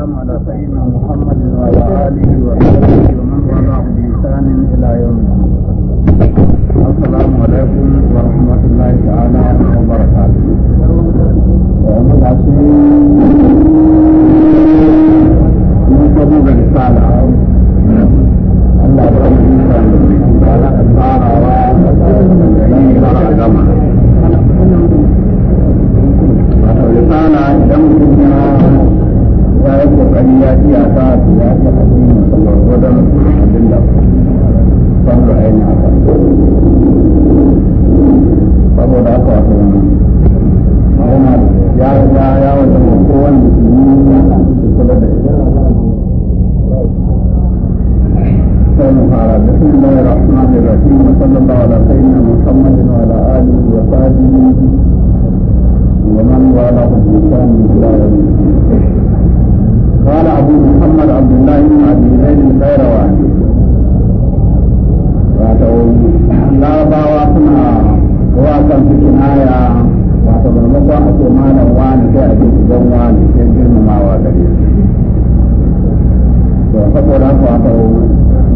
والسلام على سيدنا محمد وعلى آله وصحبه ومن والاه بإحسان إلى يوم الدين السلام عليكم ورحمة الله تعالى وبركاته من قبول الرسالة الله رسالة idan kuma kayan kokari ya ci a sa su ya ci a cikin masalar wajen abin da san da ainihin haka. Saboda haka wata wani magana da ya riga ya wata mako wanda ke yi ya na cikin kula da ita. Sai mu fara da shi da ya rasu na da rasu na sallan da wala sai na musamman da wala ali wa sadi wa man wala hukumar da ya rasu. قال أبو محمد عبد الله بن عبد الزيد بن خير لا باوا سنا هو كان في كنايا واتو من مقوى أكو مانا واني كي أكيد جون واني كي نجل مما وادري فقو راكو أتو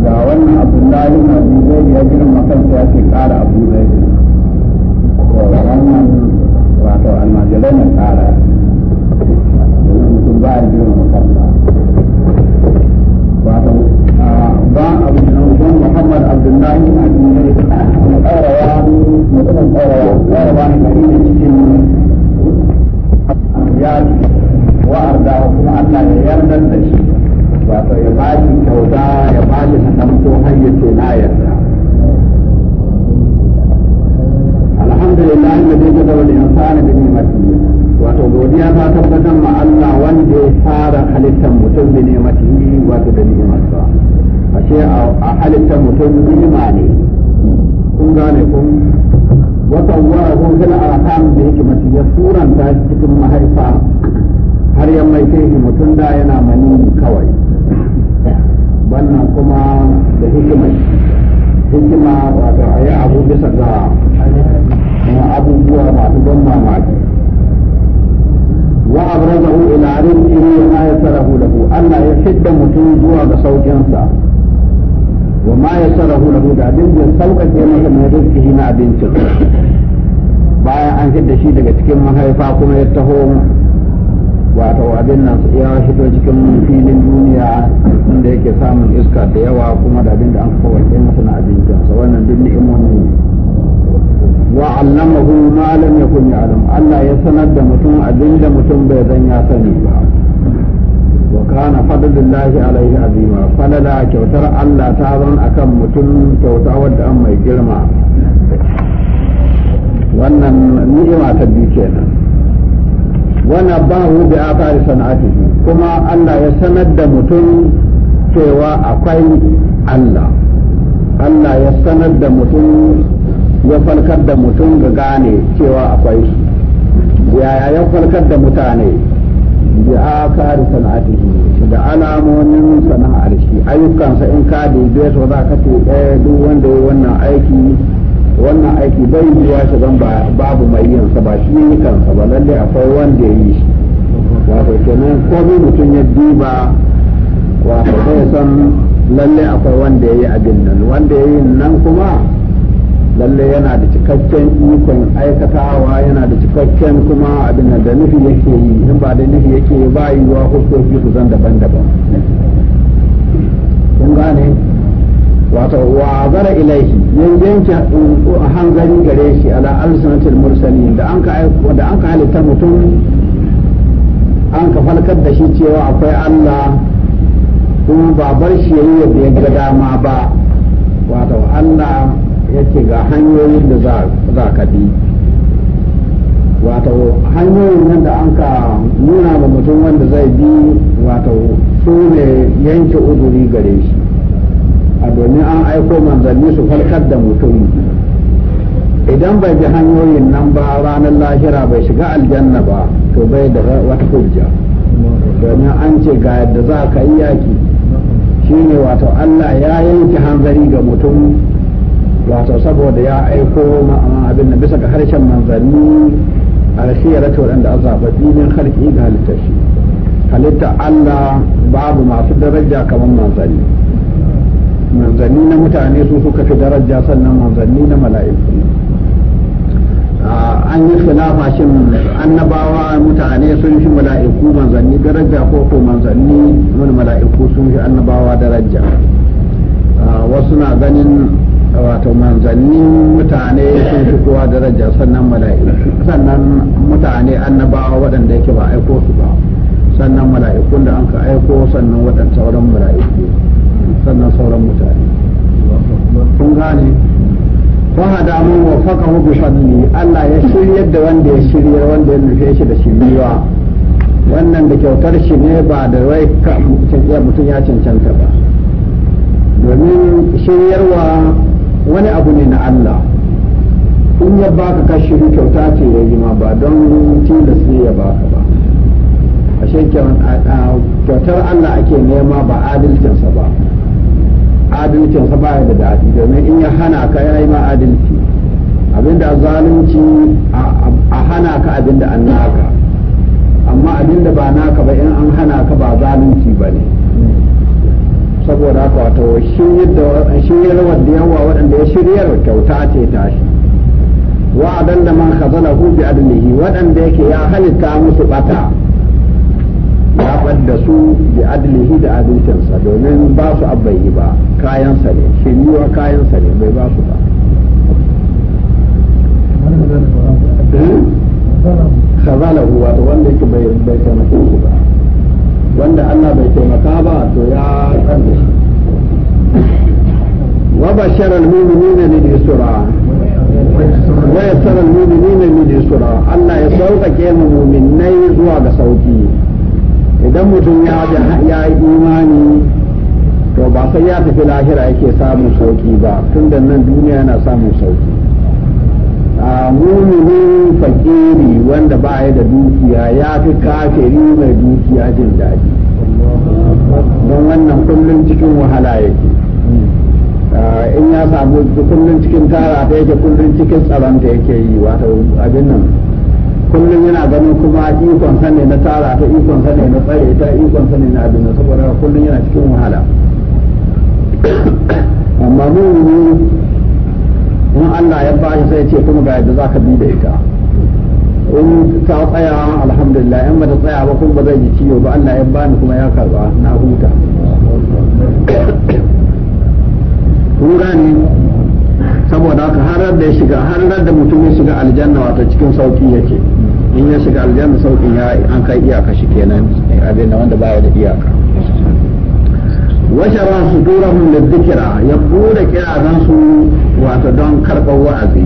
جاوان عبد الله بن عبد الزيد يجل مقام كي أكيد قال أبو زيد وقال أنا واتو أنا جلين قال ba ya girma ba abu da wajen muhammad abdullahi a cikin ƙarawa mutumin ƙarawa ƙarawa ne gari ne cikin ya wa'ar da kuma allah ya yarda da shi wato ya ba shi kyauta ya ba shi sakamako har ya na yarda godiya ta tabbatar ma Allah wanda ya fara halittar mutum da nematihi wato da ba ashe a halittar mutum ni'ima ne kun gane kun wata wara kun fil arham da yake mace ya suranta ta cikin mahaifa har ya mai kai mutum da yana mani kawai wannan kuma da hikimar hikima wato ta yi abu bisa ga abubuwa masu ban mamaki wa abrazahu ila rizqihi ma yasarahu lahu Allah ya hidda mutum zuwa ga saukin sa wa ma yasarahu lahu da din ya sauka ke mai abincin baya an hidda shi daga cikin mahaifa kuma ya taho wa ta wadin nan su cikin filin duniya inda yake samun iska da yawa kuma da abinda an kowa na abincin sa wannan duk ni'imomi wa allamahu ma lam yakun ya'lam Allah ya sanar da mutum abinda mutum bai zan ya sani ba wa kana fadlullahi alaihi azima falala kyautar Allah ta zan akan mutum kyauta wadda an mai girma wannan ni'ima ta biyu kenan wannan bahu bi afari sana'atihi kuma Allah ya sanar mutum cewa akwai Allah Allah ya mutum ya falkar da mutum ga gane cewa akwai shi yaya ya falkar da mutane bi akari sana'atihi da alamomin sana'ar shi ayyukansa in ka dibe su za ka ce eh, duk wanda ya wannan aiki wannan aiki bai ya shi zan babu mai yin sa ba shi kansa ba lalle akwai wanda ya yi shi wato kenan komai mutum ya diba wato zai san lalle akwai wanda ya yi abin nan wanda ya yi nan kuma lalle yana da cikakken ikon aikatawa yana da cikakken kuma abin da nufi yake yi in ba da nufi yake yi ba yiwuwa hukoki su zan daban-daban kun gane wato wa zara ilaihi yan yanke hanzari gare shi ala alsanatil mursani da an ka halitta mutum an ka falkar da shi cewa akwai Allah kuma ba bar shi yayi yadda ya ga dama ba wato Allah ce ga hanyoyin da za ka bi wato hanyoyin nan da an ka nuna ma mutum wanda zai bi wato su ne yanke uzuri gare shi a domin an aiko manzanni su farkar da mutum idan bai bi hanyoyin nan ba ranar lahira bai shiga aljanna ba to bai da wata hujja domin an ce ga yadda za ka yi yaki shine wato Allah ya yanke hanzari ga mutum wato saboda ya aiko abin da bisa ga harshen manzanni ta waɗanda a zaɓa filin harki ga halittar shi halitta Allah babu masu daraja kamar manzanni manzanni na mutane su suka fi daraja sannan manzanni na mala'iku an yi khilafa shin annabawa mutane sun fi mala'iku manzanni daraja ko ko manzanni mala'iku sun fi annabawa daraja wasu na ganin wato manzannin mutane sun fi kowa daraja sannan mala'iku sannan mutane annabawa waɗanda yake ba aiko su ba sannan mala'ikun da an ka aiko sannan waɗanda sauran mala'iku sannan sauran mutane sun gane fahada mun wa faka bi fadli Allah ya shirya da wanda ya shirya wanda ya nufe shi da shiriwa wannan da kyautar shi ne ba da wai mutum ya cancanta ba domin shiryarwa wani abu ne na Allah in ya baka kashi kyauta ce ya yi ma ba don tilas ne ya baka ba a ashe kyautar Allah ake nema ba adalcinsa ba adalcinsa ba da daɗi domin in ya hana ka ya yi ma adalci abinda zalunci a hana ka abinda an naka amma abinda ba naka ba in an hana ka ba zalunci ba ne saboda haka wato shiryarwar da yawa waɗanda ya shiryar kyauta ce ta shi tashi wa'adan da man khazalahu bi adlihi waɗanda yake ya halitta musu bata ya da su bi adalihi da adalcinsa domin ba su abbayi ba kayansa ne shiryuwa kayansa ne bai ba su ba hmm? khazalahu wato wanda yake bai taimake su ba wanda Allah bai taimaka ba to ya tsare wa basharal mu'minina lil yusra wa yassaral mu'minina lil yusra Allah ya sauƙaƙe mu mu'minai zuwa ga sauki idan mutum ya ji ya yi imani to ba sai ya tafi lahira yake samun sauki ba tun da nan duniya yana samun sauki muminin fakiri wanda ba ya da dukiya ya fi kafiri mai dukiya jin daɗi don wannan kullum cikin wahala yake in ya samu kullum cikin tara ta yake kullum cikin tsaron ta yake yi wata abin nan kullum yana ganin kuma ikon sane na tara ta ikon sane na tsare ta ikon sane na abin saboda kullum yana cikin wahala amma mumini in Allah ya ba shi sai ce kuma ga yadda za ka bi da ita in ta tsaya alhamdulillah in ba ta tsaya ba kuma ba zai ji ciwo ba Allah ya bani kuma ya karba na huta kun gani saboda haka harar da ya shiga har da mutum ya shiga aljanna wato cikin sauki yake in ya shiga aljanna sauƙin ya an kai iyaka shi kenan abin da wanda baya da iyaka washara su turan mun da zikira ya bude kirazan wato don karɓar wa'azi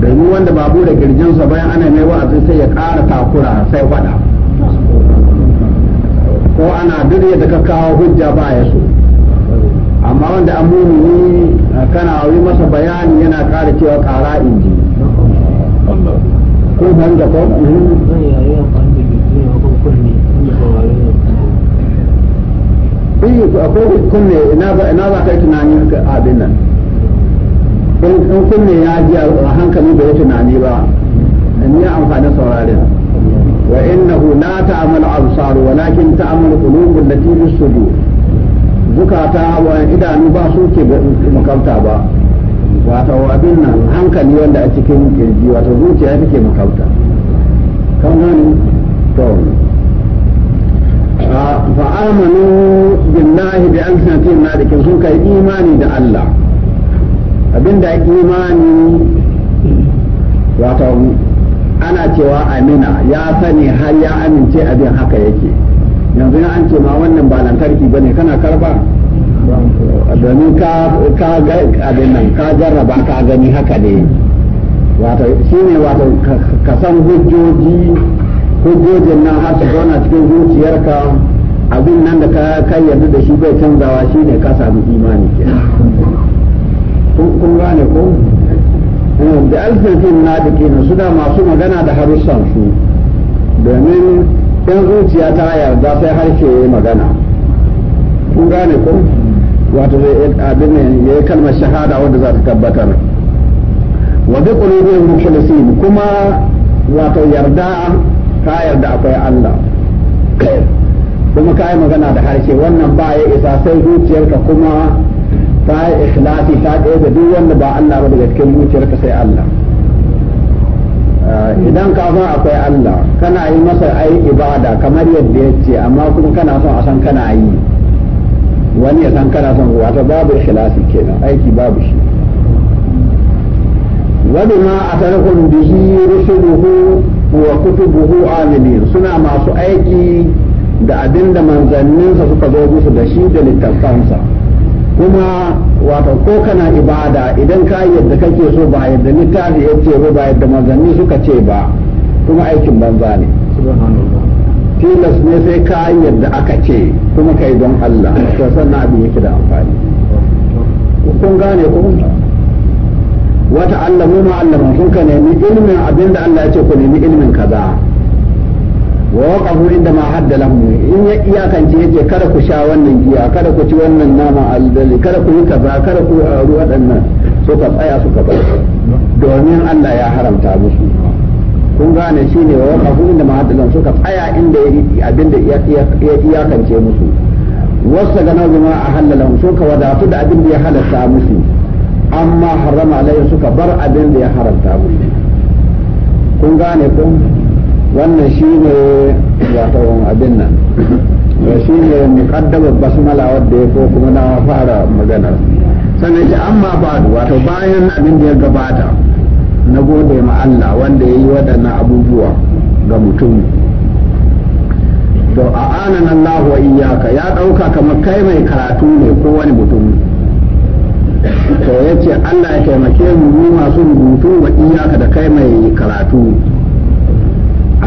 domin wanda ba bude kirjinsa bayan ana mai wa'azi sai ya ƙara takura sai faɗa ko ana dure da ka hujja ba ya so amma wanda an mumini kana yi masa bayani yana ƙara cewa ƙara inji kun biyu akwai hukun ne ina za ka yi tunanin abin nan in kunne ya ji a hankali bai tunani ba ni amfani sauraren wa innahu la ta'mal absar walakin ta'mal qulub allati fi sudur zukata wa idanu ba su ke makauta ba wato abin nan hankali wanda a cikin kirji wato zuciya take makauta kan gani to fa alfinatin na da sun kai imani da Allah abinda imani wato ana cewa amina ya sani har ya amince abin haka yake yanzu an ce ma wannan ba lantarki bane kana karba domin ka ka abin nan ka jarraba ka gani haka ne wato shine wato ka san hujjoji hujjojin nan har su zauna cikin zuciyarka abin nan da ka kai yarda da shi bai canzawa ne ka samu imani ke kun gane ko eh, da alfafin na da ke su da masu magana da harussan su domin yan zuciya ta yarda sai harshe ya magana kun gane ko wato abin ne ya yi kalmar shahada wanda za ta tabbatar wa bi qulubihim mukhlisin kuma wato yarda ta yarda akwai Allah kuma ka yi magana da harshe wannan ba ya isa sai zuciyarka kuma ta yi ikhlasi ta ɗaya da duk wanda ba Allah ba daga cikin zuciyarka sai Allah ah, idan ka san akwai Allah kana yi masa ai ibada kamar yadda ya ce amma kuma kana son a san kana yi wani ya san kana son wata babu ikhlasi kenan aiki babu shi ma a وبما أتركم به رسله buhu amini suna masu aiki. da abinda manzanninsa suka zo musu da shi da littafansa kuma wato ko kana ibada idan ka yadda kake so ba yadda littafi ya ce ba yadda manzanni suka ce ba kuma aikin banza ne tilas ne sai ka yadda aka ce kuma kai don Allah to sannan abin yake da amfani kun gane ko wata Allah mu ma Allah mun ka nemi ilimin abinda Allah ya ce ku nemi ilimin kaza wa waqafu inda ma hadda lahum in ya iyakance yake kada ku sha wannan giya kada ku ci wannan nama aldali kada ku yi kaza kada ku a aru waɗannan suka tsaya ka bar domin Allah ya haramta musu kun gane shine wa waqafu inda ma hadda lahum ka tsaya inda abinda ya iyakance musu wasu ga nazu ma a halalan suka wadatu da abinda ya halarta musu amma harama alayhi suka bar abinda ya haramta musu kun gane kun wannan shi ne wato abin nan shi ne muqaddama basmala wadda ya ko kuma na fara magana sannan ce amma ba wato bayan abin da ya gabata na gode ma Allah wanda ya yi waɗannan abubuwa ga mutum to a anan Allah wa iyaka ya ɗauka kamar kai mai karatu ne ko wani mutum to yace Allah ya taimake mu masu rubutu wa iyaka da kai mai karatu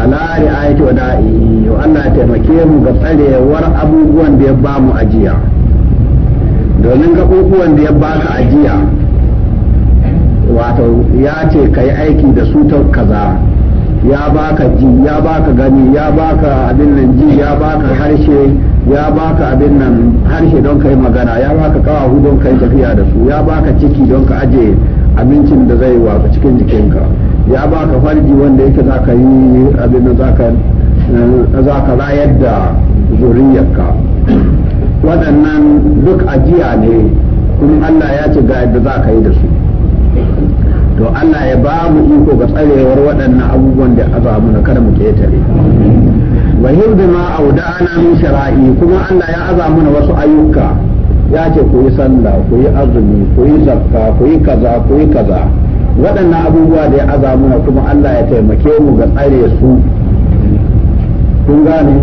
ala ri'ayati wada'ihi wa Allah ya taimake mu ga tsarewar abubuwan da ya ba mu ajiya domin ga abubuwan da ya baka ajiya wato ya ce ka aiki da su ta kaza ya baka ji ya baka gani ya baka abin nan ji ya baka harshe ya baka abin nan harshe don ka yi magana ya baka kawahu don ka yi tafiya da su ya baka ciki don ka aje abincin da zai wa cikin jikinka ya baka farji wanda yake za ka yi abin da eh, za ka rayar da zuriyarka waɗannan duk ajiya ne kuma Allah ya ce ga yadda za ka yi da su to Allah ya ba mu iko ga tsarewar waɗannan abubuwan da aza mu na kada mu ketare wa hibbi ma na min shara'i kuma Allah ya aza mu wasu ayyuka ya ce ku yi sallah ku yi azumi ku yi zakka ku yi kaza ku yi kaza waɗannan abubuwa da ya aza muna kuma Allah ya taimake mu ga tsare su kun gane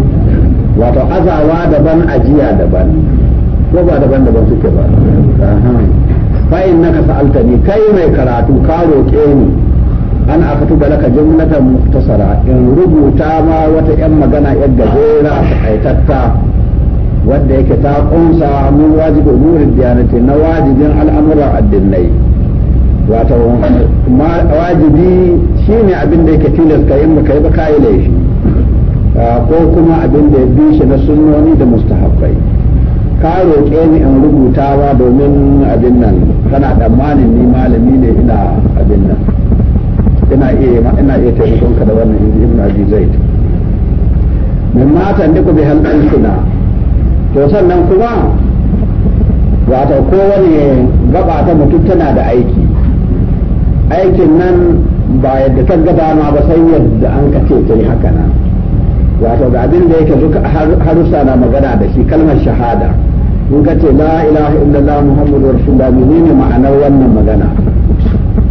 wato azawa daban ajiya daban ko ba daban daban suke ba fa'in na naka sa'alta ni kai mai karatu ka roƙe ni an akatu da laka jumlatan muktasara in rubuta ma wata yan magana yadda gajera a taƙaitatta wanda yake ta kunsa mun wajibi umurin diyanati na wajibin al'amuran addinai wato wajibi shine abin da yake tilas ka in yi ba kai laifi ah, ko kuma abin da ya bi shi na sunnoni da mustahabbai ka roƙe ni in rubutawa domin abin nan kana tsammanin ni malami ne ina abin nan ina iya ina iya taimakon ka da wannan ibn abi zaid min mata da ku bi halqan na. to sannan kuma wato kowane gaba ta mutum tana da aiki aikin nan ba yadda ta gaba ma ba sai yadda an ka ta yi haka nan wato ga abin da yake duk harusa na magana da shi kalmar shahada in ka ce la ilaha illallah muhammadu rasulullah menene ma'anar wannan magana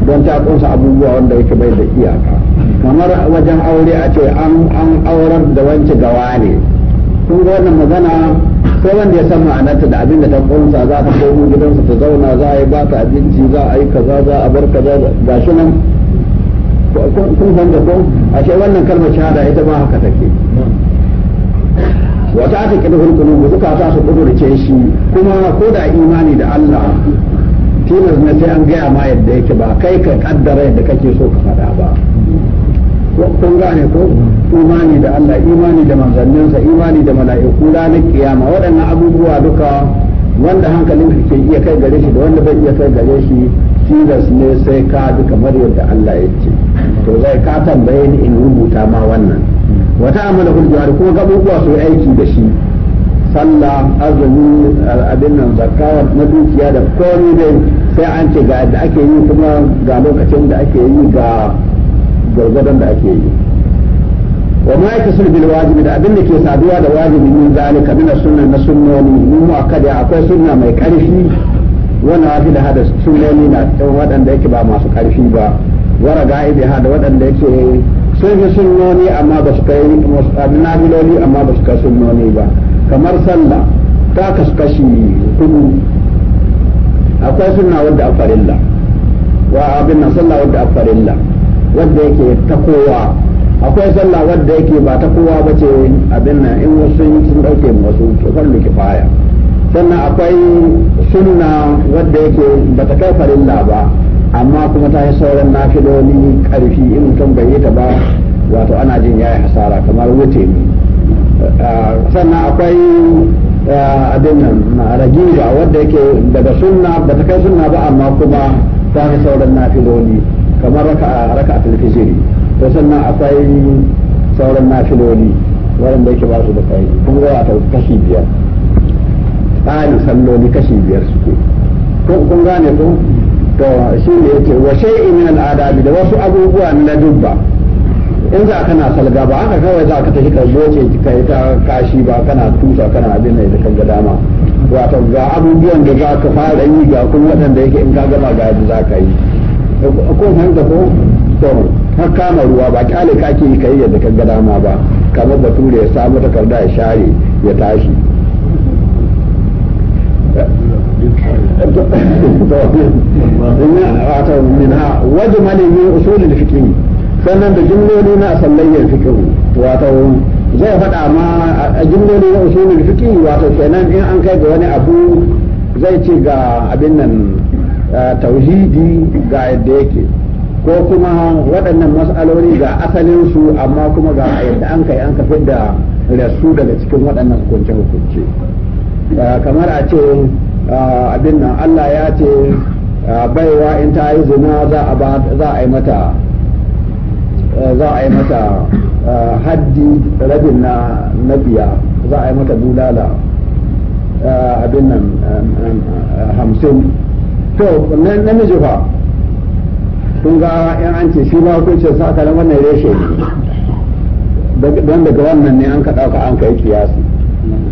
don ta kunsa abubuwa wanda yake bai da iyaka kamar wajen aure a ce an aurar da wance gawa ne kun ga wannan magana ko wanda ya san ma'anarta da abin da ta kunsa za ta komo gidansa ta zauna za a yi ba ta abinci za a yi kaza za a bar kaza ga shi nan kun san da ko ashe wannan kalmar shahada ita ba haka take wata aka kira ku suka ta su kudurce shi kuma ko da imani da Allah tilas na sai an gaya ma yadda yake ba kai ka kaddara yadda kake so ka faɗa ba kun gane ko imani da Allah imani da manzanninsa imani da mala'iku ranar kiyama waɗannan abubuwa duka wanda hankalin ke iya kai gare shi da wanda bai iya kai gare shi tilas ne sai ka bi kamar yadda Allah ya ce to zai ka tambaye ni in rubuta ma wannan wata amala hujjar ko gabubuwa su aiki da shi sallah azumi abin nan zakka na dukiya da komai dai sai an ce ga yadda ake yi kuma ga lokacin da ake yi ga gwargwadon da ake yi wa ma sun bil wajibi da abin da ke saduwa da wajibi min zalika min sunna na sunnoni mu muakkada akwai sunna mai karfi wannan wafi da hada sunnoni na waɗanda yake ba masu karfi ba wara ga'ibi hada waɗanda yake sun fi sunnoni amma ba su kai biloli amma ba su kai sunnoni ba kamar sallah ta kaskashi kudu akwai sunna wadda a farilla wa abin nan sallah wadda a farilla wanda yake ta kowa akwai sallah wanda yake ba ta kowa ba ce abin nan in wasu sun dauke wasu farlu kifaya sannan akwai sunna wanda yake ba ta kai farilla ba amma kuma ta yi sauran nafiloli karfi in mutum bai yi ta ba wato ana jin yayi hasara kamar wuce ne sannan akwai abin nan ragiba wanda yake daga sunna ba ta kai sunna ba amma kuma ta fi sauran nafiloli kamar raka'a raka'atul fajr to sannan akwai sauran nafiloli waɗanda yake ba su da kai kun ga ta kashi biyar tsari salloli kashi biyar suke kun gane ko to shi ne yake wa shay'in min al'adabi da wasu abubuwa na dubba in za kana salga ba haka kawai za ka tafi ka goce ka yi ta kashi ba kana tusa kana abin da ka ga dama wato ga abubuwan da za ka fara yi ga kun waɗanda yake in ka gama ga yadda za ka yi ko fahimta ko to ka kama ruwa ba ka ka ke yi kai yadda ka ga dama ba kamar bature ya samu takarda ya share ya tashi wato minha wajmalin min usulil sannan da jimloli na sallayyar fiqh wato zai faɗa ma a jimloli na usulul fiqh wato kenan in an kai ga wani abu zai ce ga abin nan tauhidi ga yadda yake ko kuma waɗannan mas'aloli ga asalinsu su amma kuma ga yadda an kai an ka da rasu daga cikin waɗannan hukunce hukunce kamar a ce abin nan Allah ya ce baiwa in ta yi zina za a yi mata za a yi mata haddi rabin na nabiya za a yi mata bulala abin nan hamsin to wannan namiji fa kun ga yan an ce shi ba ce sa lamar wannan reshe ne don daga wannan ne an ka ɗauka an kai kiyasi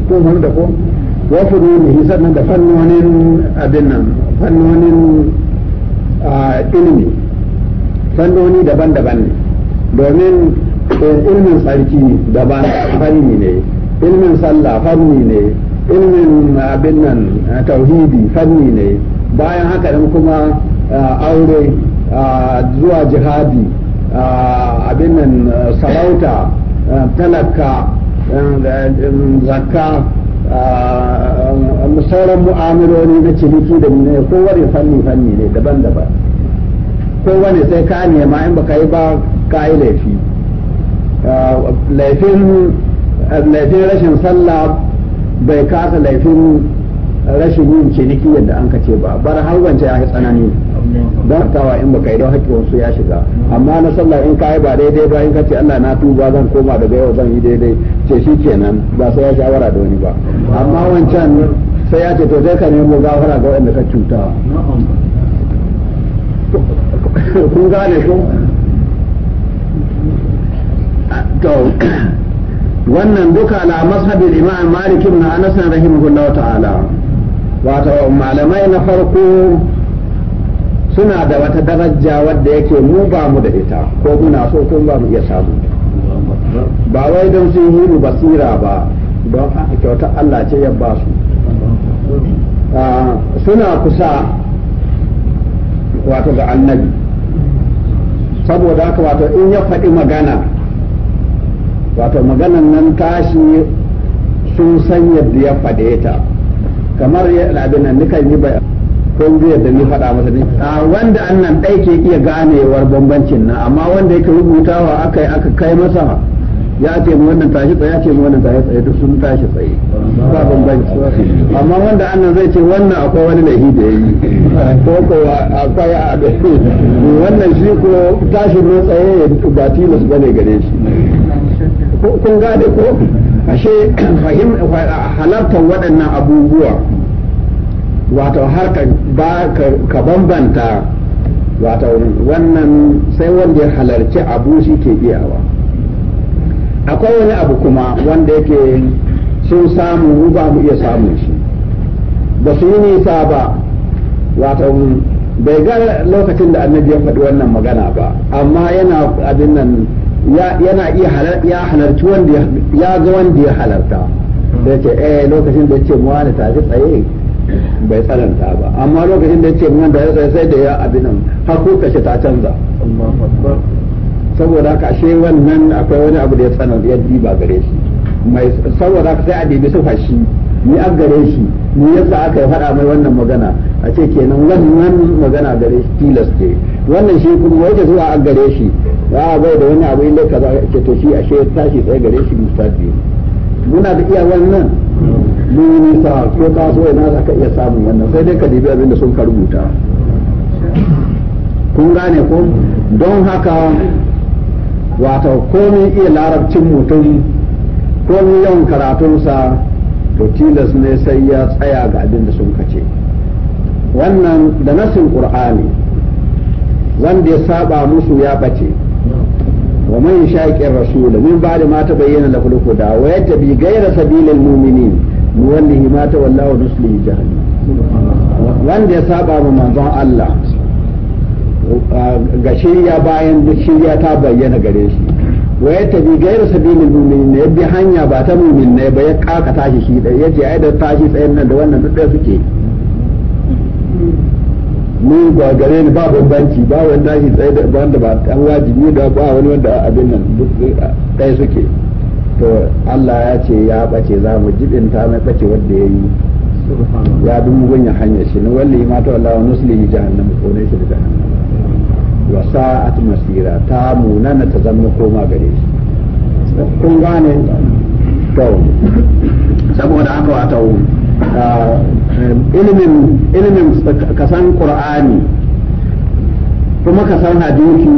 ko wani da ko wa hisar sannan da fannonin abin nan fannonin ilimi fannoni daban-daban ne domin eh, ilmin tsarki daban fanni ne ilmin sallah fanni ne ilmin abin nan tauhidi fanni ne bayan haka ɗin kuma aure zuwa jihadi abin nan sarauta talaka zakka sauran mu'amaloli na ciniki da ne kowane fanni fanni ne daban-daban kowane sai ka nema in baka yi ba ka yi laifi laifin rashin sallah bai kasa laifin rashin yin ciniki yadda an kace ba bar har wance ya tsanani don kawa in baka yi don wasu ya shiga amma na sallah in kai ba daidai ba in ka ce Allah na tuba zan koma daga yau zan yi daidai ce shi kenan ba sai ya shawara da wani ba amma wancan sai ya ce to sai ka nemo gafara ga wanda ka cuta kun gane ko to wannan duka ala mazhabin imam malik ibn anas rahimahullahu ta'ala wato malamai na farko suna da wata daraja wadda yake mu ba mu da ita ko muna so ko ba mu iya samu ba wai don sun yi mu basira ba don kyautar Allah ce ya ba su ah, suna kusa wato ga annabi saboda haka wato in ya faɗi magana wato maganan nan tashi sun san yadda ya faɗe ta kamar abin nan nika yi bai kun biyar da ni faɗa masa ne wanda annan ɗai ke iya ganewar bambancin nan amma wanda yake rubutawa aka yi aka kai masa ya ce mu wannan tashi tsaye ya ce mu wannan tashi tsaye duk sun tashi tsaye ba bambanci amma wanda annan zai ce wannan akwai wani laifi da yayi ko ko akwai a wannan shi ko tashi ne tsaye ya ba tilas bane gare shi kun gane ko ashe halartar waɗannan abubuwa wato har ka ba ka bambanta wato wannan sai wanda ya halarci abu shi ke iyawa akwai wani abu kuma wanda yake sun samu ba mu iya samun shi ba su yi nisa ba wato bai ga lokacin da annabi ya faɗi wannan magana ba amma yana abin nan yana iya ya halarci wanda ya ga wanda ya halarta da hmm. ce eh lokacin da ya ce mu wani tafi tsaye bai tsananta ba amma lokacin da ya ce mun da ya tsaye sai da ya abin nan har ko kashe ta canza saboda haka ashe wannan akwai wani abu da ya tsananta ya diba gare shi mai saboda haka sai a dibi su fashi ni a gare shi ni yasa aka yi faɗa mai wannan magana a ce kenan wannan magana gare shi tilas ce wannan shi kuma wace zuwa a gare shi a bai da wani abu inda ka ce to shi ashe tashi tsaye gare shi mustafi muna da iya wannan mun nisa ko ka so ina za ka iya samun wannan sai dai ka dibi abin da sun ka rubuta kun gane ko don haka wato komai iya larabcin mutum komai yawan karatunsa to tilas ne sai ya tsaya ga abin da sun kace wannan da nasin qur'ani da ya saba musu ya ɓace. ومن يشاكي الرسول من بعد ما تبين له الهدى ويتبي غير سبيل المؤمنين نوله ما تولى ونصله جهنم وان ya saba ma manzon Allah ga shirya bayan shirya ta bayyana gare shi wa ya tabi ya bi hanya ba ta mumin ba ya kakata shi shi ya ce ai da tashi tsayin nan da wannan duk suke mu ba gare ni ba bambanci ba wanda shi tsaye da wanda ba an wajibi da ba wani wanda abin nan duk ɗaya suke to Allah ya ce ya bace za mu ta mai bace wanda ya yi ya bi mugunya hanyar shi ni walli ma ta wallahi nuslihi jahannam ko ne shi da jahannam wa sa'at masira ta munana ta zama koma gare shi kun gane to saboda haka wata Ah, eh, ilimin kasan qur'ani kuma kasan hadisi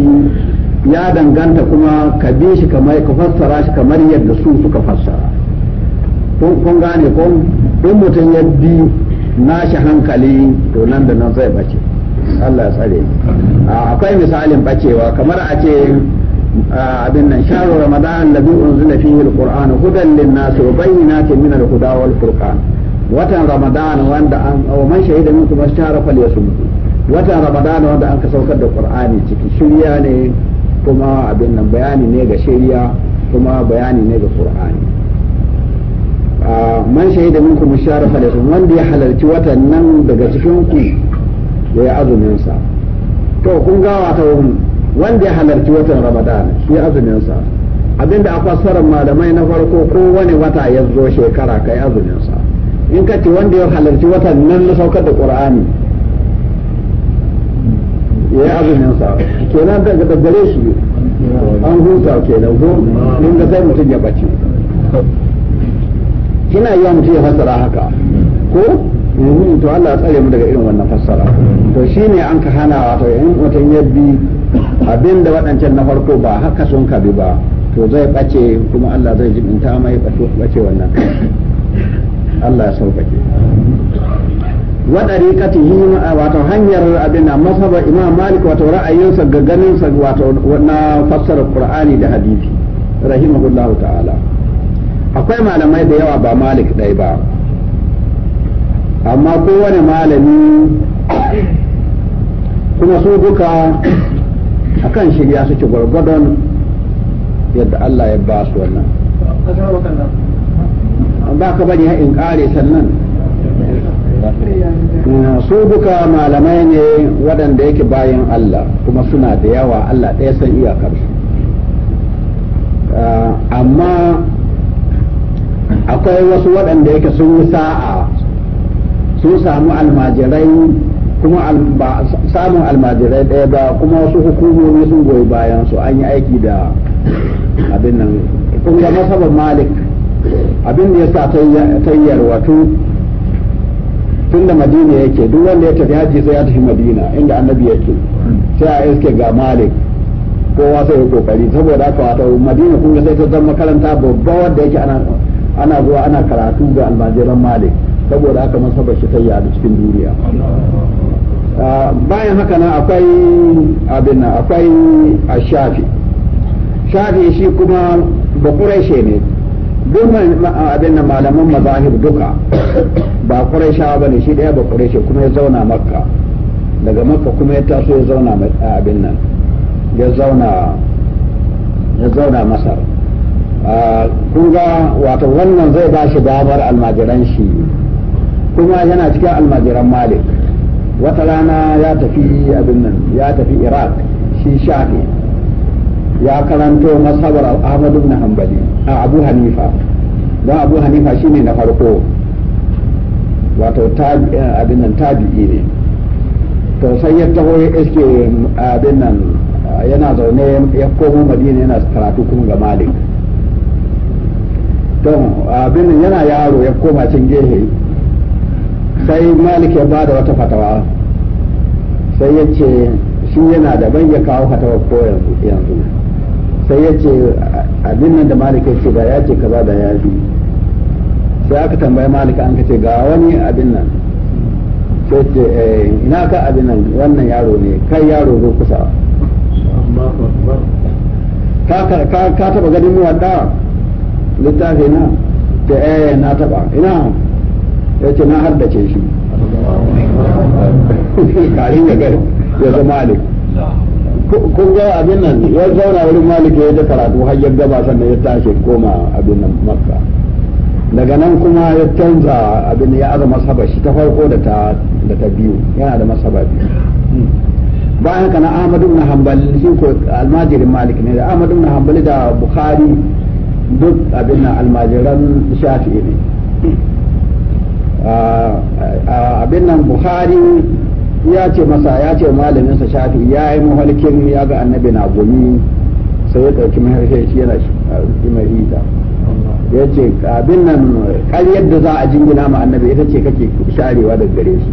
ya danganta kuma ka bi shi kamar ka fassara shi kamar yadda su suka fassara kun gane ko in mutum ya bi nashi hankali to nan da nan zai bace Allah ya tsare ah, akwai misalin bacewa kamar a ce ah, abin nan sharo ramadan ladhi unzila fihi alquran hudan lin-nasi wa bayyinatin min al wal-furqan watan ramadan wanda an wa oh, man shahida minkum ashtara falyasum watan ramadan wanda an ka saukar da qur'ani ciki shirya ne kuma abin nan bayani ne ga shirya kuma bayani ne ga qur'ani ah, man shahida minkum ashtara falyasum wanda ya halarci watan nan daga cikin ku ya azumin sa to kun ga wata wanda ya halarci watan ramadan shi azumin sa abinda a fassarar malamai na farko ko wani wata ya zo shekara kai azumin sa in ka ce wanda ya halarci watan nan na saukar da qur'ani ya yi azumin sa kenan da daga gare shi an huta kenan ko in ga sai mutum ya bace kina yi mutum ya fassara haka ko to Allah ya tsare mu daga irin wannan fassara to shine an ka hana wato in mutum ya bi abinda waɗancan na farko ba haka sun ka bi ba to zai ɓace kuma Allah zai jibinta mai ɓace wannan Allah ya sauƙaƙe wa dariqatihi wato hanyar abin amma saba Imam Malik wato ra'ayinsa ga ganinsa sa wato na fassara Qur'ani da hadisi rahimahullahu ta'ala akwai malamai da yawa ba Malik ɗaya ba amma kowane malami kuma su duka a kan shirya suke gwargwadon yadda Allah ya ba su wannan ba ka bari in kare sannan su duka malamai ne waɗanda yake bayan Allah kuma suna da yawa Allah ɗaya san iyakarsu ah, amma akwai wasu waɗanda yake sun yi sa'a sun samu almajirai kuma samun almajirai ɗaya ba kuma wasu hukumomi sun goyi bayan su an yi aiki da abin nan kuma masabar malik abin da yasa ta yi yarwatu tun da madina yake duk wanda ya tafi haji sai ya tafi madina inda annabi yake sai a iske ga malik kowa sai ya kokari saboda haka wato madina kuma sai ta zama makaranta babba wanda yake ana zuwa ana karatu ga almajiran malik saboda haka masabar shi ta yi cikin duniya ah, bayan haka nan akwai abin akwai a shafi shafi shi kuma bakurai ne duk abin da malaman mazahir duka ba ba bane shi daya ba shi kuma ya zauna makka daga makka kuma ya taso ya zauna abin nan ya zauna ya zauna masar kun ga wato wannan zai ba shi damar almajiran shi kuma yana cikin almajiran malik wata rana ya tafi abin nan ya tafi iraq shi shafi ya karanto masabar Ahmad ibn Hanbali a Abu Hanifa don Abu Hanifa shine na farko wato eh, abin nan tabi'i ne to sai ya taho ya iske mm, abin nan eh, yana zaune ya komo Madina yana karatu kun ga Malik don abin nan yana yaro ya koma cin gehe sai Malik ya bada wata fatawa sai ya ce shi yana daban ya kawo fatawa ko yanzu sai ya ce abin nan da malik ya ce da ya ce kaza da ya bi sai aka tambayi malik an ka ce ga wani abin nan sai ce eh, ina ka abin nan wannan yaro ne kai yaro zo kusa ka taba ganin mu wanda littafi na ta eh na taba ina ya ce na haddace shi kari ya zama malik kun ga abin nan ya zauna wurin maliki ya ji karatu har ya gaba sannan ya tashi koma abin nan makka daga nan kuma ya canza abin ya aza masaba shi ta farko da ta da ta biyu yana da masaba biyu bayan kana Ahmadu ibn Hanbal shi ko almajirin Malik ne Ahmadu ibn Hanbal da Bukhari duk abin nan almajiran Shafi'i ne a ah, ah, abin nan Bukhari ya ce masa ya ce malamin sa shafi ya yi mahalkin ya ga annabi na gumi sai ya ɗauki maharshe shi yana shi mai hita ya ce abin nan kar yadda za a jingina ma annabi ita ce kake sharewa daga gare shi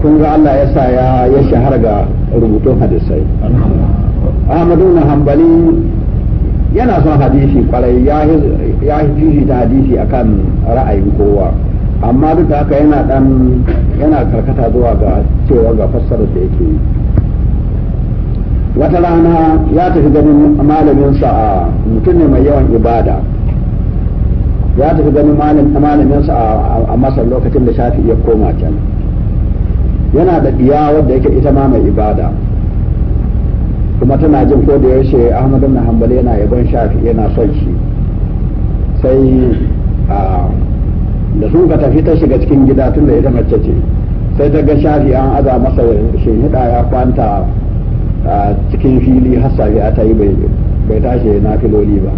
kun ga Allah ya sa ya ya shahara ga rubutun hadisai Ahmadu na hambali yana son hadisi kwarai ya ya hadisi akan ra'ayin kowa amma duk da haka yana dan yana karkata zuwa ga cewa ga fassarar da yake yi wata rana ya tafi ganin malaminsa a mutum ne mai yawan ibada ya tafi ganin malaminsa a masar lokacin da shafi iya koma can yana da biya wadda yake ita ma mai ibada kuma tana jin ko da yaushe ahmadu na hambali yana yabon shafi yana son shi sai a ah, da sun ka tafi ta shiga cikin gida tun da ita mace ce sai ta ga shafi an aza masa shehida ya kwanta a cikin fili har safiya ta yi bai tashi na filoli ba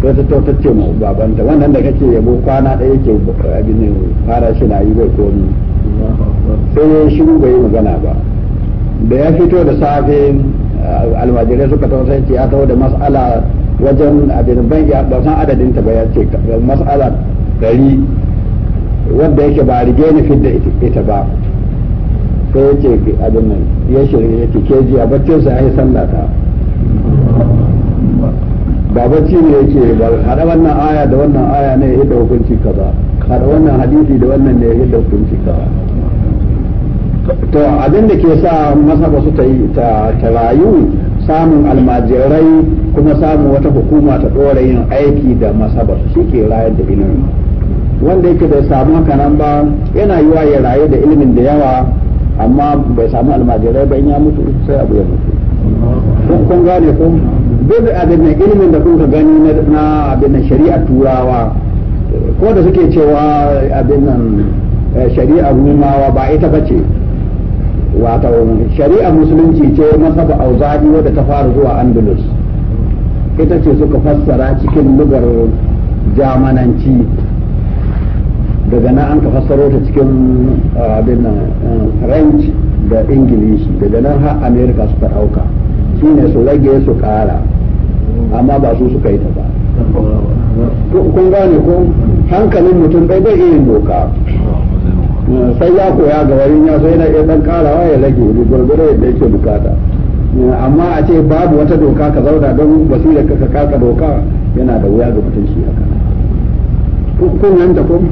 sai ta to tace mu babanta wannan da kake yabo kwana ɗaya yake abin ne fara shi na yi bai komi sai ya shi bai yi magana ba da ya fito da safe almajirai suka tausayi ce ya taho da mas'ala wajen abin ban ya ba san adadin ta ba ya ce mas'ala gari wanda yake ba rige ni fidda ita ba sai yake abin nan ya shirya yake keji a baccin sa ya sallata ba bacci ne yake ba hada wannan aya da wannan aya ne ya da hukunci ba hada wannan hadisi da wannan ne ya da hukunci ba to abin da ke sa masaba su ta yi ta rayu samun almajirai kuma samun wata hukuma ta dora yin aiki da masaba su shi ke rayar da ilimi wanda yake bai samu nan ba yana yiwa ya rayu da ilimin da yawa amma bai samu almajirai ba in ya mutu sai abu ya mutu kun gane ko duk abin da ilimin da kuka gani na abin nan shari'a turawa ko da suke cewa abin nan eh, shari'a rumawa ba ita ba ce wato shari'a musulunci ce masaba auzadi wadda ta fara zuwa andalus ita ce suka fassara cikin lugar jamananci daga na an ka fassaro ta cikin abin nan french da ingilishi daga nan har america suka ɗauka shi ne su rage su ƙara amma ba su suka yi ta ba kun gane ko hankalin mutum bai bai irin doka sai ya koya ga wani ya sai yana iya dan karawa ya rage gurgure yadda yake bukata amma a ce babu wata doka ka zauna don basira ka kaka doka yana da wuya ga mutum shi haka kun yanta ko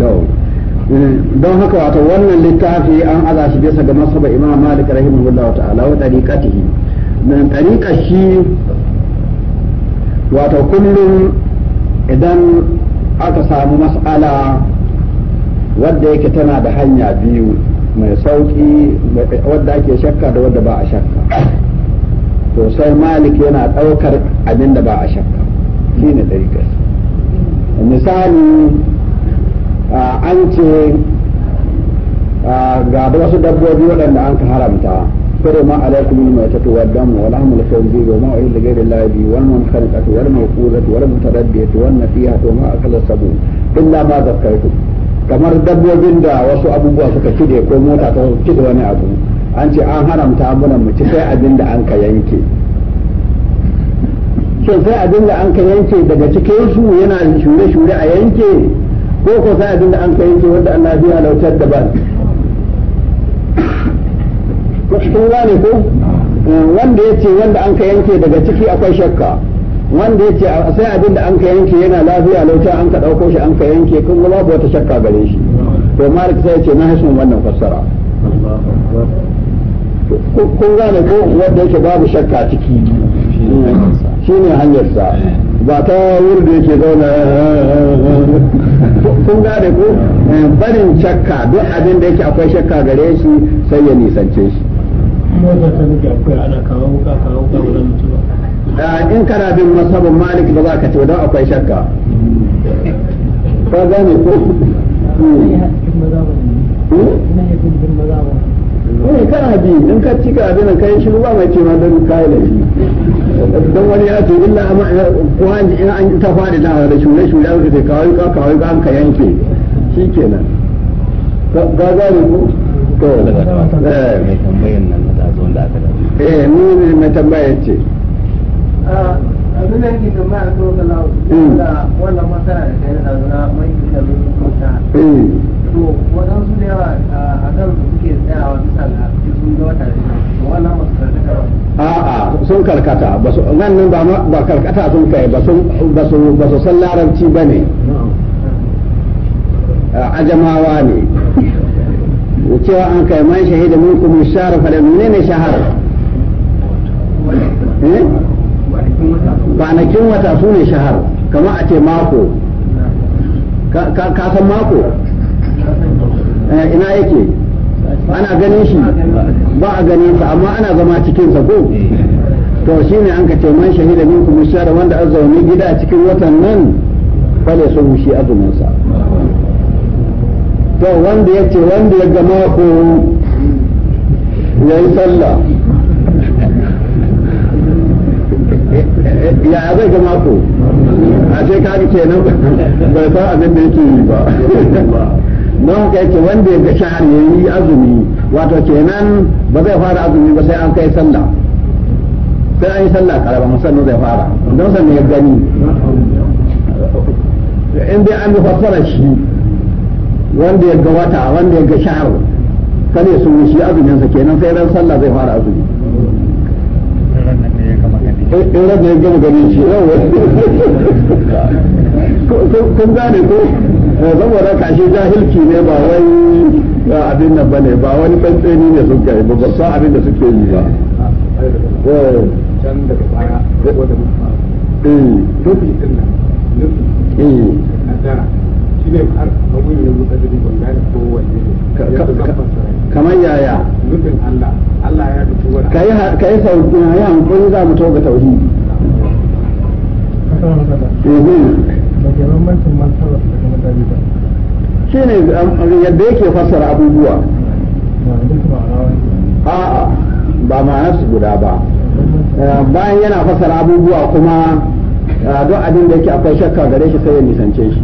Eh, don haka wato wannan littafi an aza shi bisa ga masaba imam malik rahimahullahu ta'ala wa tariqatihi nan tariqa shi wato kullum idan aka samu mas'ala wadda yake tana da hanya biyu mai sauki wadda ake shakka da wadda ba a shakka to sai malik yana daukar abin da ba a shakka shine tariqa misali an ce ga da wasu dabbobi waɗanda an ka haramta kada ma alaikum ma ta to wadda mu wala mu lafiya bi ga ma wani daga Allah bi wal mun khalqat wal mun qurat wal mun taraddiyat wal nafiya to ma akal sabu illa ma zakkaitu kamar dabbobin da wasu abubuwa suka ci ko mota ta ci da wani abu an ce an haramta mun mu ci sai abin da an ka yanke shin sai abin an ka yanke daga cikin su yana shure shure a yanke ko ko sai abin da an kai shi wanda Allah ya halautar da ba kun gane ko wanda ya ce wanda an ka yanke daga ciki akwai shakka wanda ya ce sai abin da an ka yanke yana lafiya lauta an ka ɗauko shi an ka yanke kun ga babu wata shakka gare shi to malik sai ya ce na hashin wannan fassara kun gane ko wanda yake babu shakka ciki shi ne hanyarsa ba ta wurde da zauna kun gane ko eh, barin shakka duk abin da yake akwai shakka gare shi sai ya nisance shi in kana bin masabin malik ba za ka ce don akwai shakka ka gane ko wani eh, kana bi in ka cika abin kai shi ba mai cewa don kai da shi don wani ya ce illa amma ko eh, an in an ta fadi da da shure shure an ce kawai ka kawai ka an ka yanke shi kenan ga gare ku to eh mai tambayan nan da zo da aka da eh ni ne mai tambaya ce ah, abin da yake tambaya hmm. to da wannan masana da kai da zuna mai da mutunta hmm. to waɗansu da yawa a kan suke tsayawa bisa sun ga wata to wannan ba karkata ba a'a sun karkata ba su wannan ba ba karkata sun kai ba su ba su ba su san larabci ajamawa ne cewa an kai man shahida mun kuma shahara falal menene shahara eh? kwanakin wata su ne shahar kamar a ce mako ka san mako Eh, ina yake ana ganin shi ba a ganin sa amma ana zama cikin sa ko to shine an ka ce man shahida minkum da wanda azzauni gida a cikin watan nan fale so shi azumin sa to wanda yace wanda ya ga ya yayi sallah eh, ya zai gama ko a sai kaga kenan bai san abin da yake yi ba don haka yake wanda ya ga shahar ya azumi wato kenan ba zai fara azumi ba sai an kai sallah sai an yi sallah karaba musannu zai fara don sannan ya gani in dai an fassara shi wanda ya ga wata wanda ya ga shahar kare sun shi azuminsa kenan sai ran sallah zai fara azumi in ya gama gani shi kun gane ko Eh, saboda ka shi jahilci ne ba wai abin nan bane ba wani tsantseni ne sun kai ba ba sa abin da suke yi ba ne eh. eh. kamar yaya nufin Allah Allah ya fito wa ya hankali za mu shine um, um, yadda yake fassara abubuwa a ba ma'anar su guda ba bayan yana fassara abubuwa kuma uh, don abin da yake akwai shakka gare shi sai ya nisance shi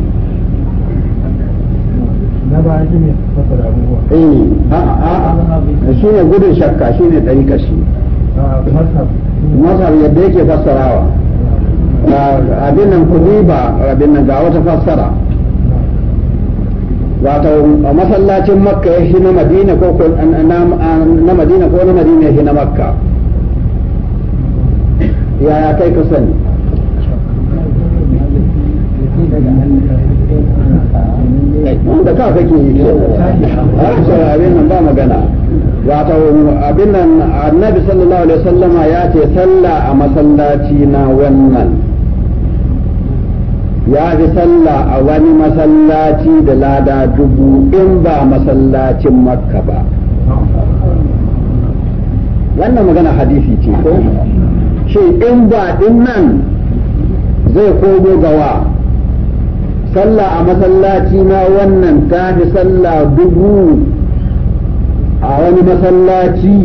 na eh, ba shi ne gudun shakka shi ne ɗarika kashi masar yadda yake fassarawa Ah, abin nan kudi ba abin nan ga wata fassara wato masallacin makka ya shi na madina ko na madina ko na madina ya shi na makka yaya kai ka sani da ka kake yi eh, a abin nan ba magana wato abin nan annabi sallallahu alaihi wasallama ya ce sallah a masallaci na wannan ya fi sallah a wani masallaci da lada dubu in ba masallacin makka ba wannan magana hadisi ce ko shi in ba din nan zai komo gawa sallah a masallaci na wannan ta fi sallah dubu a wani masallaci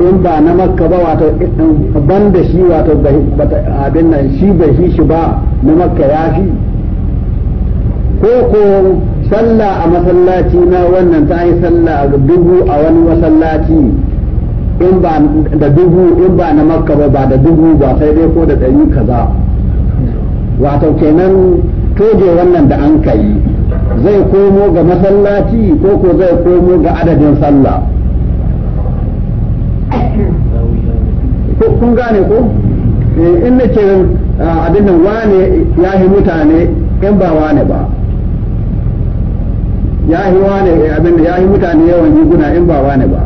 in ba na makka ba wato ban da shi wato abin nan shi bai shi shi ba na makka ya fi ko ko sallah a masallaci na wannan ta yi sallah a dubu a wani masallaci in ba da dubu in ba na makka ba ba da dubu ba sai dai ko da ɗari kaza wato kenan toje wannan da an kai zai komo ga masallaci ko ko zai komo ga adadin sallah kun gane ko eh, in na ce ah, abin nan wane ya yi mutane in ba wane ba ya yi wane eh, abin da ya yi mutane yawan riguna in ba wane ba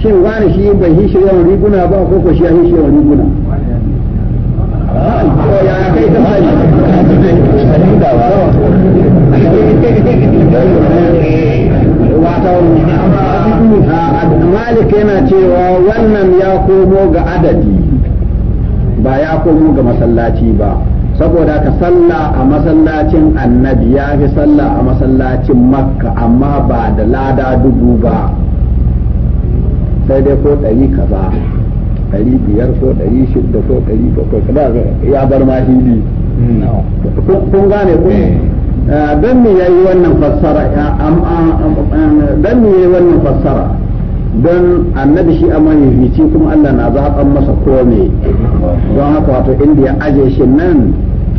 shin wane shi bai yi shi yawan riguna ba ko ko shi ya yi shi yawan riguna ya kai malik yana cewa wannan ya komo ga adadi ba ya komo ga masallaci ba saboda ka sallah a masallacin annabi ya fi sallah a masallacin makka amma ba da lada dubu ba sai dai ko ɗari kaza ɗari biyar ko ɗari shida ko ɗari bakwai ya bar ma hindi hmm. kun gane ko eh. Eh, don me yayi wannan fassara don me yayi wannan fassara don annabi shi a mahihici kuma Allah na zaɓan masa kome don haka wato inda ya aje shi nan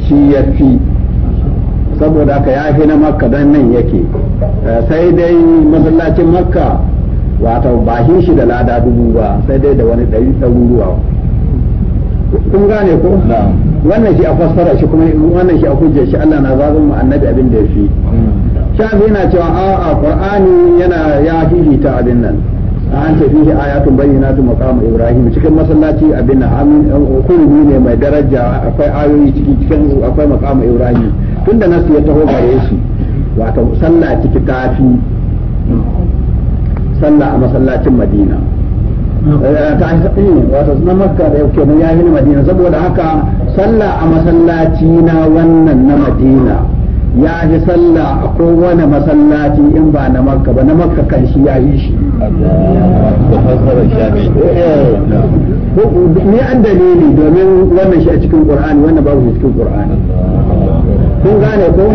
shi ya fi saboda haka ya fi na makka don nan yake eh, sai dai masallacin makka wato ba shi da lada dubu ba sai dai da wani ɗari ɗaruruwa kun gane ko wannan shi a fasfara shi kuma wannan shi a hujjar shi Allah na zaɓin mu annabi abin da ya fi mm. shafi yana cewa a a qur'ani yana ya ta abin nan an ce fihi ayatun bayyinatun maqam ibrahim cikin masallaci abin nan amin eh, kurmi ne mai daraja akwai ayoyi cikin cikin akwai maqam ibrahim tunda nasu ya taho gare shi wato sallah ciki tafi sallah a masallacin madina ta shaƙi wato na makka da yauke na yayi na madina saboda haka sallah a masallaci na wannan na madina ya ji sallah a kowane masallaci in ba na makka ba na makka kan shi ya yi shi ne an dalili domin wannan shi a cikin qur'ani wannan babu cikin qur'ani kun gane ko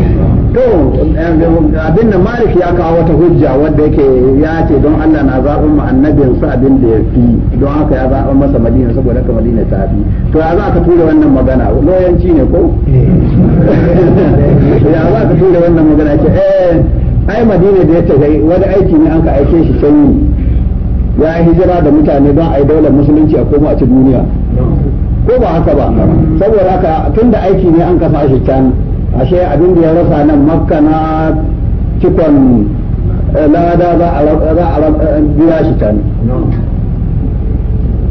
to eh, abin da malik ya kawo wata hujja wadda yake ya ce don Allah na zaɓin mu annabin su abin da ya fi don haka ya zaɓa masa madina saboda haka madina ta fi to ya za ka tura wannan magana loyanci ne ko eh. ya za ka tura wannan magana ce eh ai madina da ya tafi wani aiki ne an ka aike shi sanyi ya hijira da mutane don a yi daular musulunci a koma a ci duniya ko ba haka ba saboda haka tun da aiki ne an kasa shi can ashe abin da ya rasa nan makka na cikon eh, lada za a eh, biya shi can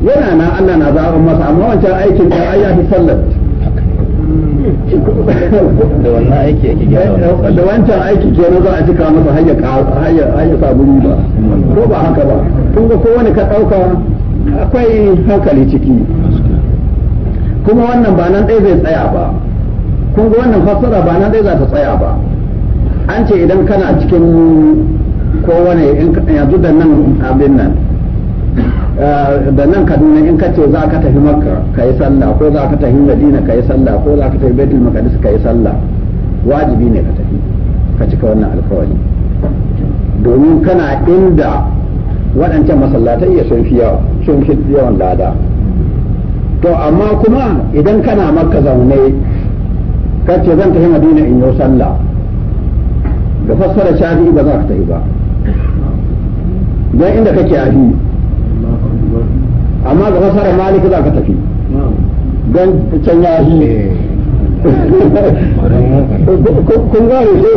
yana na Allah na zaɓar masa amma wancan aikin da ai fi sallar da wannan aiki yake gyara eh, da wancan aiki ke na za a cika masa hanyar sabu ba ko ba haka ba kun ga kowane ka ɗauka akwai hankali ciki kuma wannan ba nan ɗaya zai tsaya ba kun ga wannan fassara ba nan dai za ta tsaya ba an ce idan kana cikin kowane yanzu da nan abin nan eh, da nan kaduna in ka ce za ka tafi makka ka yi sallah ko za ka tafi madina ka yi sallah ko za ka tafi baitul maqdis ka yi sallah wajibi ne ka tafi ka cika wannan alkawari domin kana inda waɗancan masallatai ya sun fi yawan lada to amma kuma idan kana makka zaune ce zan tafi madina in yi sallah da fassara shafi ba za ka tafi ba dan inda kake a fi amma ga fassara malik za ka tafi dan can ya fi kun gane shi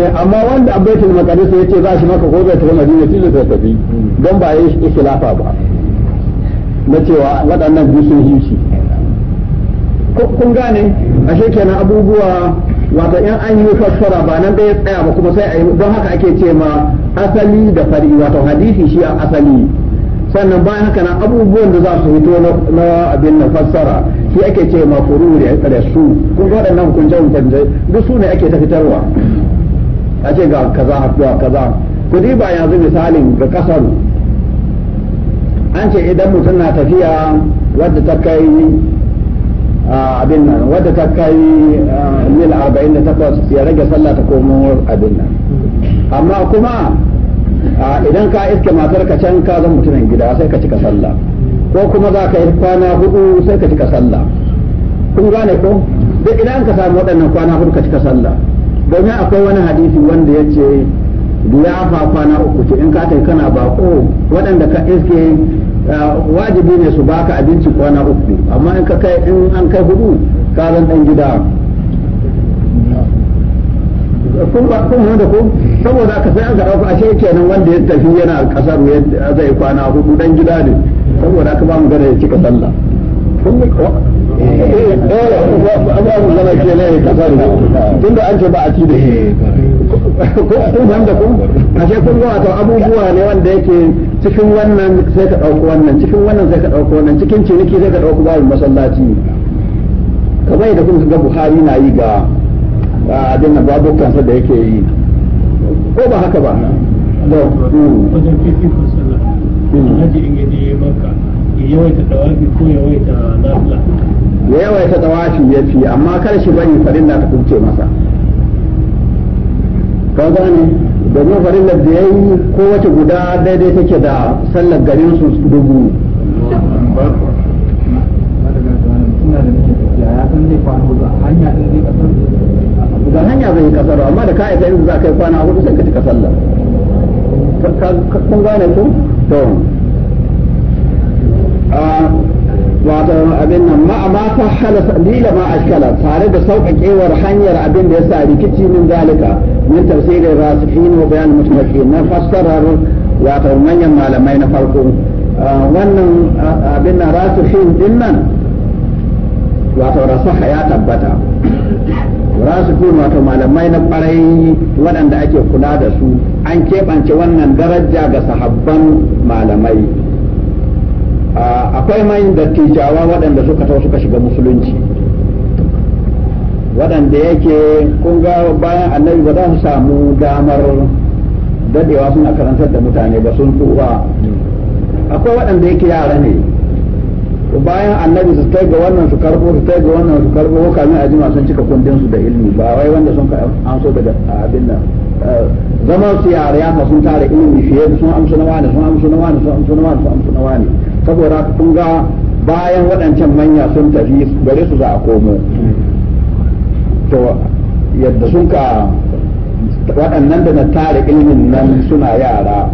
eh, amma wanda abaitul maqdis yace za shi maka ko zai tafi madina kila zai tafi don ba yi ikhtilafa ba na cewa waɗannan biyu hishi kun gane ashe kenan abubuwa wato in an yi fassara ba nan da ya tsaya ba kuma sai a yi don haka ake ce ma asali da fari wato hadisi shi a asali sannan bayan haka nan abubuwan da za su fito na abin na fassara shi ake ce ma furu da su kun ga waɗannan jan hukunce duk su ne ake ta fitarwa a ce ga kaza haɗuwa kaza ku ba yanzu misalin ga kasar an ce idan mutum na tafiya wadda ta kai abin nan wadda ta kai mil 48 ya rage sallah ta komo abin nan amma kuma idan ka iske matar ka can ka zan mutumin gida sai ka cika sallah ko kuma za ka yi kwana hudu sai ka cika sallah kun gane ko duk idan ka samu waɗannan kwana hudu ka cika sallah domin akwai wani hadisi wanda ya ce liyafa kwana uku ce in ka tai kana bako waɗanda ka iske wajibi ne su baka abinci kwana uku amma in ka kai in an kai hudu ka zan dan gida kun ba kun da ku saboda ka sai ga ku ashe kenan wanda ya tafi yana kasar zai kwana hudu dan gida ne saboda ka ba mu gane ya cika sallah kun tun da an ce ba a ci da shi kun kun ashe kun abubuwa ne wanda yake cikin wannan sai ka ɗauko wannan cikin wannan sai ka ɗauko wannan cikin ciniki sai ka ɗauko babu masallaci kamar yadda kun ga Buhari na yi ga abin nan babu kansa da yake yi ko ba haka ba da wajen fifikon sallah hmm. alhaji in yi maka yawaita tawafi ko ya yawaita nafila ya yawaita tawafi ya fi amma kar shi bari farin da ta kuce masa ka gane domin farin da da ya yi kowace guda daidai take da sallar garin su dubu ga hanya zai yi kasar amma da ka'ida in za ka yi kwana hudu sai ka cika sallar kun gane ku to ah, wato abin nan ma ma ta hala lila ma ashkala tare da sauƙaƙewar hanyar abin da ya sa rikici min zalika min tafsirin rasihin wa bayan mutafakkin na fassarar wato manyan malamai na farko ah, wannan ah, abin na rasihin din nan wato rasaha ya tabbata rasihin wato malamai na ƙwarai waɗanda ake kula da su an keɓance wannan daraja ga sahabban malamai akwai mai dattijawa waɗanda suka tau suka shiga musulunci waɗanda yake kun ga bayan annabi ba za su samu damar dadewa suna karantar da mutane ba sun tsufa akwai waɗanda yake yara ne bayan annabi su kai ga wannan su karbo su kai ga wannan su karbo kamin a jima sun cika kundin su da ilimi ba wai wanda sun an so daga abin nan zama su yare ya sun tare ilimi fiye da sun amsu na wani sun amsu na wani sun amsu na wani sun amsu na wani saboda kun ga bayan waɗancan manya sun tafi gare su za a komo to yadda sun ka waɗannan da na tare ilimin nan suna yara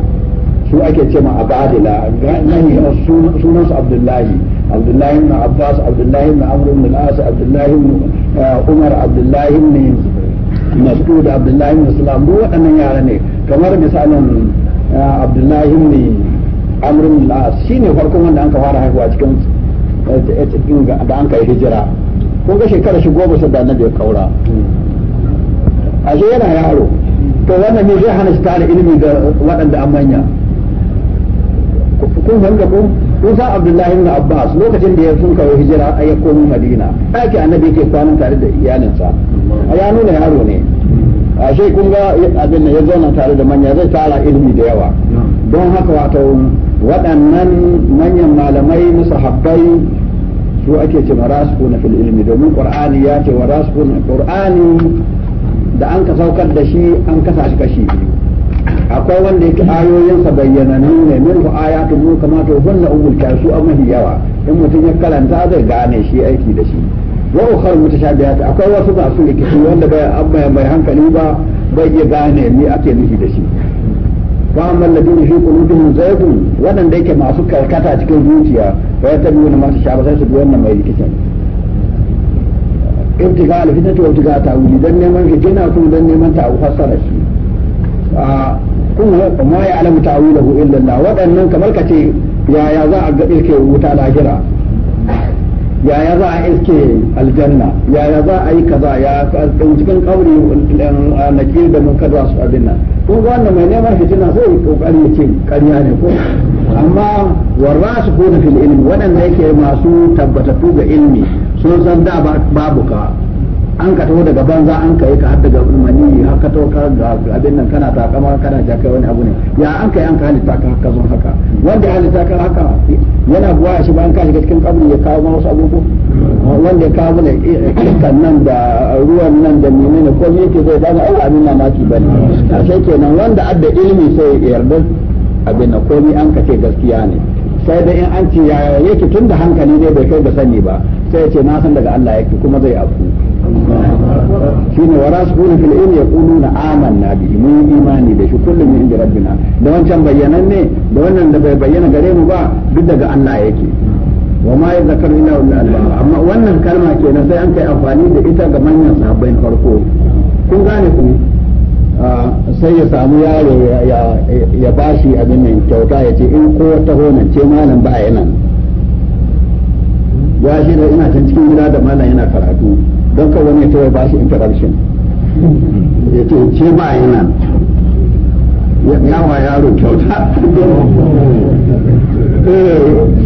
su ake ce ma abadila nahi sunansu abdullahi abdullahi na abbas abdullahi na amr ibn al abdullahi na eh, umar abdullahi na masu da abdullahi ibn salam duk waɗannan yara ne kamar misalin eh, abdullahi ibn amr ibn al-as shine farkon wanda an ka fara haihuwa cikin eh, cikin da an kai hijira ko ga shekara shi goma sai da annabi ya kaura ashe yana yaro to wannan ne zai hana shi tare ilimi ga waɗanda an manya kun fahimta ko Musa Abdullahi ibn Abbas lokacin da ya sun kawo hijira a komo Madina ɗaki annabi yake kwanan tare da iyalinsa ya nuna yaro ne a shi kun ga abin da ya zauna tare da manya zai tara ilimi da yawa don haka wato waɗannan manyan malamai na sahabbai su ake ce na fil ilmi domin qur'ani ya ce wa qur'ani da an ka saukar da shi an kasa shi kashi biyu akwai wanda yake ayoyinsa bayyananu ne min ku ayatu mu kama to hunna ummul kasu amma yawa in mutum ya karanta zai gane shi aiki da shi wa ukhar mutashabihat akwai wasu masu rikici wanda bai amma mai hankali ba bai ya gane me ake nufi da shi wa amma ladina fi qulubihim zaygun wadanda yake masu karkata cikin zuciya fa yatabiyuna masu tashabaha sai su bi wannan mai rikicin ibtiga alfitatu wa ibtiga ta'wili dan neman jina kuma dan neman ta'u fassara shi kun ma ya alamu ta'awilahu illa Allah waɗannan kamar ka ce yaya za a ga ke wuta lahira yaya za a iske aljanna yaya za a yi kaza ya cikin kauri nakir da mun kaza su abin nan kun ga wannan mai neman fitina sai kokari ya ce ne ko amma warra su na fil ilmi waɗanda yake masu tabbatattu ga ilmi sun san da babu ka an ka taho daga banza an ka yi ka har daga mani har ka taho ka ga abin nan kana takama kana ja kai wani abu ne ya an ka yi an ka halitta ka haka zo haka wanda ya halitta ka haka yana buwa shi ba an ka shiga cikin kabri ya kawo wasu abubu wanda ya kawo ne iskan nan da ruwan nan da menene ko me yake zai bada ai abin mamaki bane a sai kenan wanda adda ilimi sai ya yarda abin nan ko ni an ka ce gaskiya ne sai da in an ce yaya yake tun da hankali ne bai kai da sani ba sai ya ce na san daga Allah yake kuma zai afku shine wa rasulun fil ilmi yaquluna amanna bihi mun imani da shi kullum min inda rabbina da wancan bayyanan ne da wannan da bai bayyana gare mu ba duk daga Allah yake wa ma yadhakkaru illa ulul amma wannan kalma kenan sai an kai amfani da ita ga manyan sahabbai farko kun gane ku sai ya samu yaro ya ba shi abin nan kyauta ya ce in ko ta honan ce malam ba a nan ya shi da ina can cikin gida da malam yana karatu don ka wani ta ba shi interruption ya ce ce ba a nan ya wa yaro kyauta eh,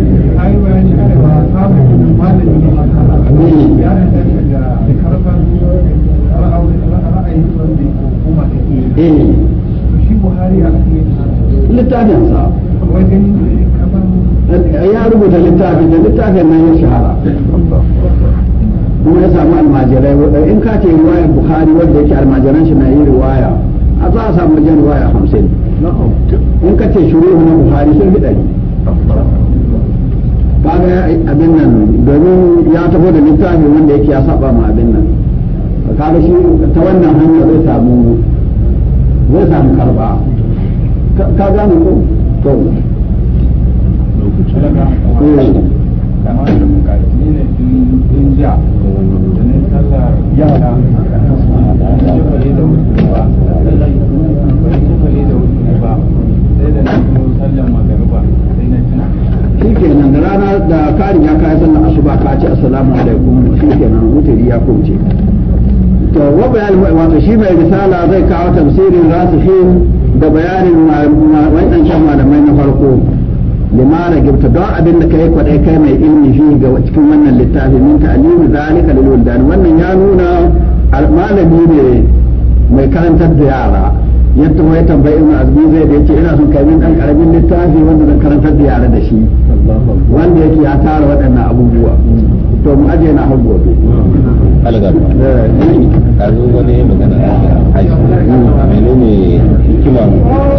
littafin sa ya rubuta littafi da littafin nan ya shahara kuma ya samu almajirai in ka ce riwayar bukhari wanda yake almajiran shi na yi riwaya a za a samu jan riwaya hamsin in ka ce shuru na bukhari sun fi ɗari kaga abin nan domin ya taho da littafi wanda yake ya saba ma abin nan kaga shi ta wannan hanya zai samu zai samu karba ka gane ko to kamar da ne in ja da ne shi da rana da karin ya kai sallar asuba ka ce assalamu alaikum shi kenan ya kauce to wa bayan wato shi mai risala zai kawo tafsirin rasihin da bayanin wannan da malamai na farko limara gibta don abin da kai kwadai kai mai ilmi shi ga cikin wannan littafi min ta'alimi zalika lil wannan ya nuna malami ne mai karantar da yara yadda ya tambayi ibn azmi zai da yace ina son kai dan karamin littafi wanda zan karantar da yare da shi wanda yake ya tara waɗannan abubuwa to mu aje na hango to alga ka zo wani magana a menene hikimar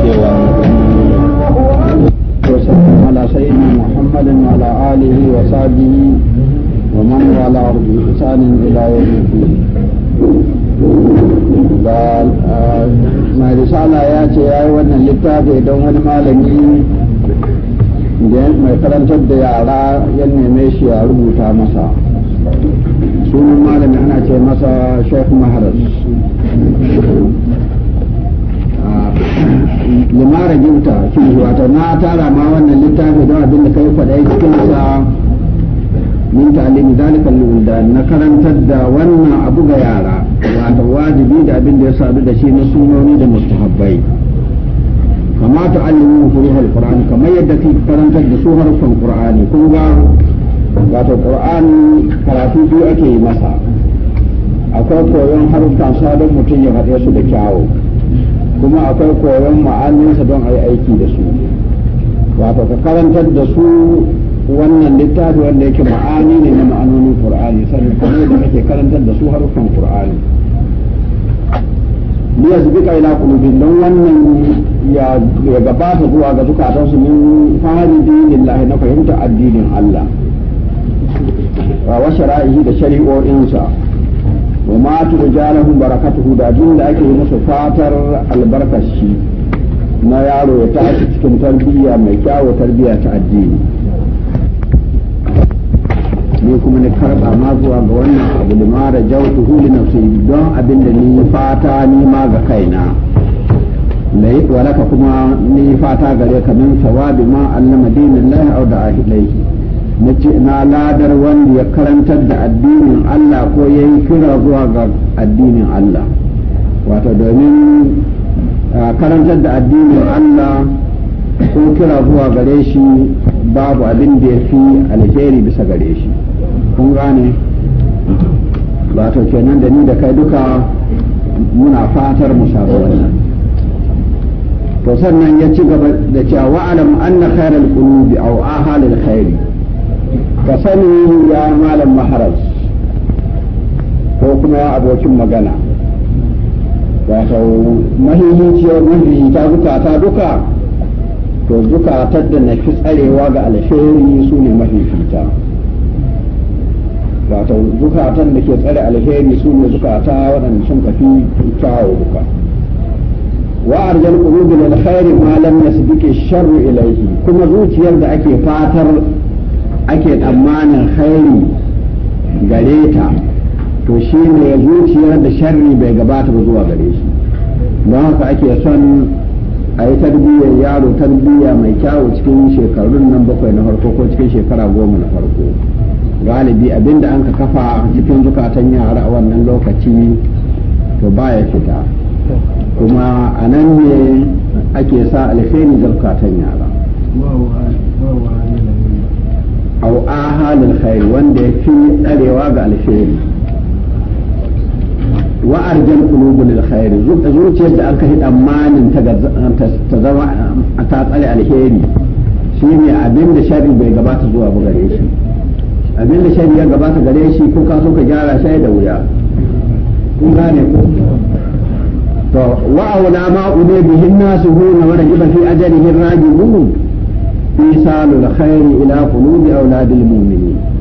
cewa على سيدنا محمد وعلى آله وصحبه ومن والاه بإحسان إلى يوم الدين ba mai risala ya ce ya yi wannan littafi don wani malami mai karantar da yara ya neme shi ya rubuta masa sunan malami ana ce masa sheikh maharas limara gimta shi wata na tara ma wannan littafi don abin da kai faɗa cikinsa min ta'alimi zalika lulda na karantar da wannan abu ga yara wato wajibi da abin da ya sadu da shi na sunoni da mustahabbai kama ta allimu furuhar qur'ani kamar yadda kake karantar da su harfan qur'ani kun ga wato qur'ani karatu biyu ake yi masa akwai koyon harufan sa mutum ya haɗe su da kyawu kuma akwai koyon ma'aninsa don a yi aiki da su wato ka karantar da su wannan littafi wanda yake ma'ani ne na ma'anonin qur'ani sannan kuma da kake karantar da su harufan qur'ani liya su ka ila kulubin don wannan ya gabata zuwa ga su min fahimtar dinin lahi na fahimta addinin Allah wa shara'ihi da shari'o'insa wa ma turjalahum barakatuhu da jin da ake yi musu fatar albarkashi na yaro ya tashi cikin tarbiyya mai kyawu tarbiyya ta addini ni kuma ni karba ma zuwa ga wannan abu da mara jawtuhu li nafsi don abinda ni fata ni ma ga kaina lai walaka kuma ni fata gare ka min sawabi ma allama dinillahi au da na ce na ladar wanda ya karantar da addinin Allah ko yi kira zuwa ga addinin Allah wato domin karantar da addinin Allah sun kira zuwa gare shi babu abin da ya fi alheri bisa gare shi kun gane to kenan da ni da kai duka muna fatar mu sabu wannan to sannan ya ci gaba da cewa wa'alam anna khairal qulubi aw ahalil khairi ka sani ya malam maharas ko kuma ya abokin magana wato ta duka zukata duka to zukatar da na fi tsarewa ga alheri su ne mafifita wato zukatan da ke tsare alheri su ne zukata waɗanda sun kafi kyawo duka wa arjal qulubi lil khairi ma lam yasbiqi sharru ilayhi kuma zuciyar da ake fatar ake tsammanin khairi gare ta to shi ne zuciyar da sharri bai gabata ba zuwa gare shi don haka ake son a yi tarbiyyar yaro tarbiyya mai kyawu cikin shekarun nan bakwai na farko ko cikin shekara goma na farko galibi abinda an ka kafa cikin zukatan yara a wannan lokaci to baya fita kuma a nan ne ake sa alheri ga zukatan yara au halin khair wanda ya fi tsarewa ga alheri wa arjan qulubul lil khair zuciyar da aka hida manin ta zama ta tsare alheri shine abin da shari bai gabata zuwa ba gare shi abin da shari ya gabata gare shi ko ka so ka gyara shi da wuya kun gane ko to wa awla ma ume bihin nasu huna wa rajiba fi ajrihi rajibun fi salul khair ila qulubi auladil mu'minin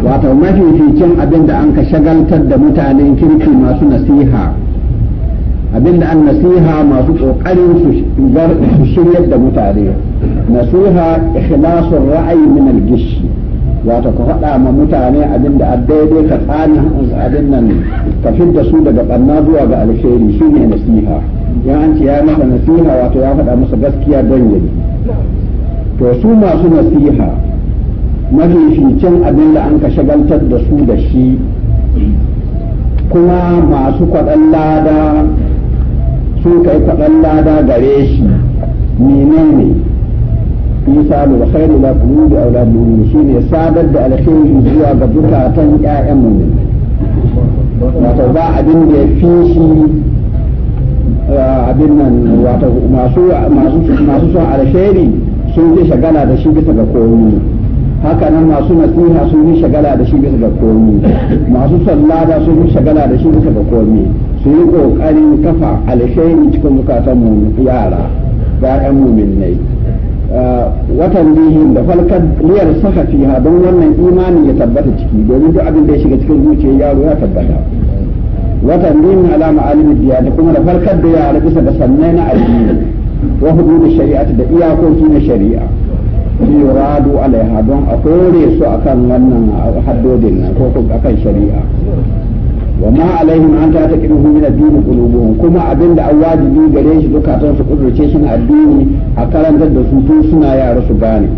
wato mafificin abin da an ka shagaltar da mutanen kirki masu nasiha abin da an nasiha masu ƙoƙarin su shiryar da mutane nasiha ikhlasun ra'ayi min gishi wato ka faɗa ma mutane abin da daidai ka tsani abin nan ka fidda su daga ɓanna zuwa ga alheri shi ne nasiha ya an ce ya masa nasiha wato ya faɗa masa gaskiya don yabi to su masu nasiha mafificin abin da an ka shagaltar da su da shi kuma masu kwaɗan lada sun kai kwaɗan lada gare shi menene isa da khairu la qulubi aw la shi ne sadar da alkhairu zuwa ga zukatan ƴaƴan mu wato ba abin da ya fi shi abin nan wato masu masu son alkhairi sun je shagala da shi bisa ga komi haka nan masu nasiha sun yi shagala da shi bisa ga komi masu sallada sun yi shagala da shi bisa ga komi su yi kokarin kafa alheri cikin zukatan mu yara ya'yan muminai uh, watan bihin da falkar liyar saka fiha don wannan imanin ya tabbata ciki domin duk abin da ya shiga cikin zuciyar yaro ya tabbata watan bihin alama alimin biya da kuma da farkar da yara bisa da sannai na addini wa hudu da shari'a da iyakoki na shari'a yuradu alaiha don a kore su akan wannan haddodin nan ko kan shari'a wa ma alaihim an ta taqidu min ad qulubuhum kuma abinda an wajibi gare shi zukatan su kudurce shi na addini a karantar da su tun suna yara su gane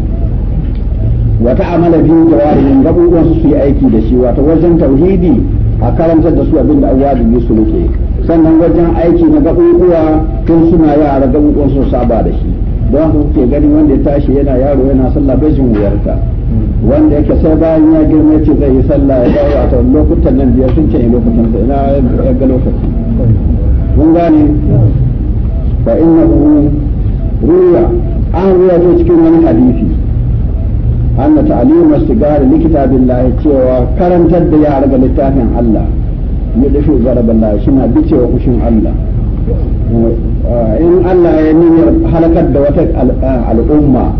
wata amala bi jawarin gabuwan su yi aiki da shi wata wajen tauhidi a karantar da su abinda an wajibi su rike sannan wajen aiki na gabuwa tun suna yara gabuwan su saba da shi don haka kuke gani wanda ya tashi yana yaro yana sallah bai jin wuyarta wanda yake sai bayan ya girma ce zai yi sallah ya dawo a tsawon lokutan nan biyar sun ce lokutan sai na ya lokaci mun gane fa innahu ruya an ruya to cikin wani hadisi anna ta'limu sigari likitabillahi cewa karantar da yara ga littafin Allah ya dashi zaraballahi shi na bicewa kushin Allah in Allah ya nuna halakar da wata al'umma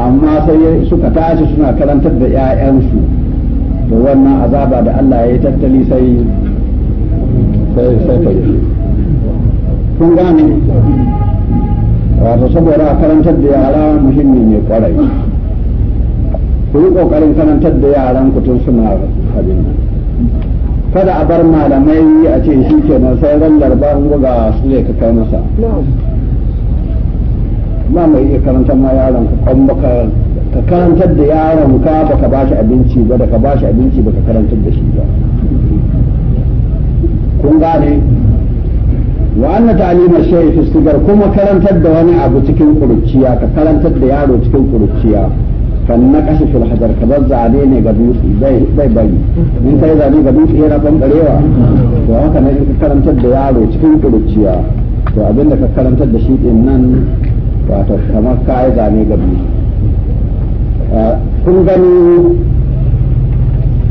amma sai suka tashi suna karantar da 'ya'yansu da wannan azaba da Allah ya tattali sai sai ta kun gane saboda karantar da yara muhimmi ne kwarai ku yi kokarin karantar da yaran ku tun suna abin kada a bar malamai a ce shi ke nan ran larba an buga su zai ka kai masa ba mai iya karanta ma yaron ka kan baka ka karantar da yaron ka baka ba shi abinci ba da ka ba shi abinci baka karantar da shi ba kun gane wa anna ta'lima shay'i fi kuma karantar da wani abu cikin kurciya ka karantar da yaro cikin kurciya kan na kashe fil hajar ka bar zabe ne ga dutse bai bai bari in kai zabe ga dutse yana bangarewa to haka ne ka karantar da yaro cikin kuruciya to abinda ka karantar da shi din nan wato kamar ka yi zane ga dutse kun gani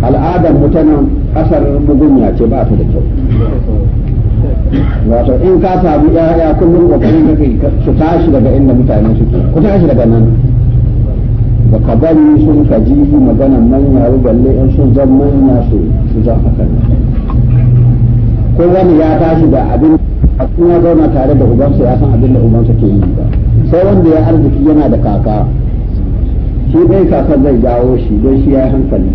al'adar mutanen kasar bugunya ce ba ta da kyau wato in ka samu yaya kullum kokarin kake su tashi daga inda mutane suke ku tashi daga nan da ka bari sun ka ji magana manya galle in sun zan manya su su a haka ko wani ya tashi da abin a kuma zauna tare da ubansa ya san abin da ubansa ke yi ba sai wanda ya arziki yana da kaka shi dai kaka zai jawo shi don shi ya yi hankali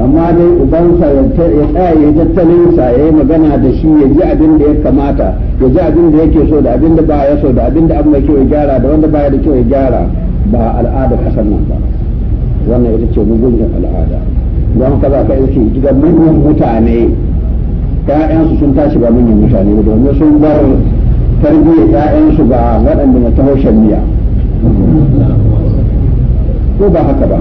amma dai ubansa ya tsaya ya tattalin sa ya yi magana da shi ya ji abin da ya kamata ya ji abin da yake so da abin da ba ya so da abin da abin da kyau ya gyara da wanda ba ya da kyau ya gyara ba al'adar kasar nan ba wannan ita ce mugunyar al'ada don haka za ka yi ce gidan mugun mutane ƴaƴansu sun tashi ba manyan mutane ba domin sun bar tarbiyya ƴaƴansu ga waɗanda na taho miya ko ba haka ba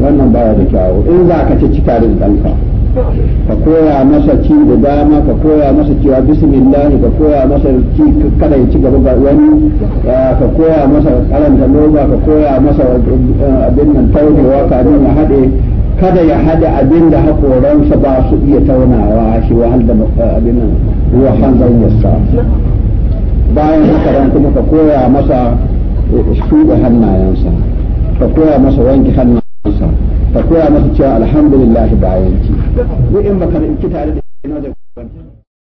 wannan baya da kyawu in za ka ci cikarin ɗanka ka koya masa ci da dama ka koya masa cewa bismillah ka koya masa ci kada ya ci gaba ga wani ka koya masa karanta loba ka koya masa eh, abin nan taunewa ka nuna haɗe kada ya haɗe abin da haƙoransa ba su iya taunawa shi wahal da eh, abin nan ruwan zan yasa bayan haka kuma ka koya masa eh, shuɗe hannayensa ka koya masa wanke hannayensa ka koya masa cewa alhamdulillah bayan ci da in baka da ikki tare da ina zai kwanta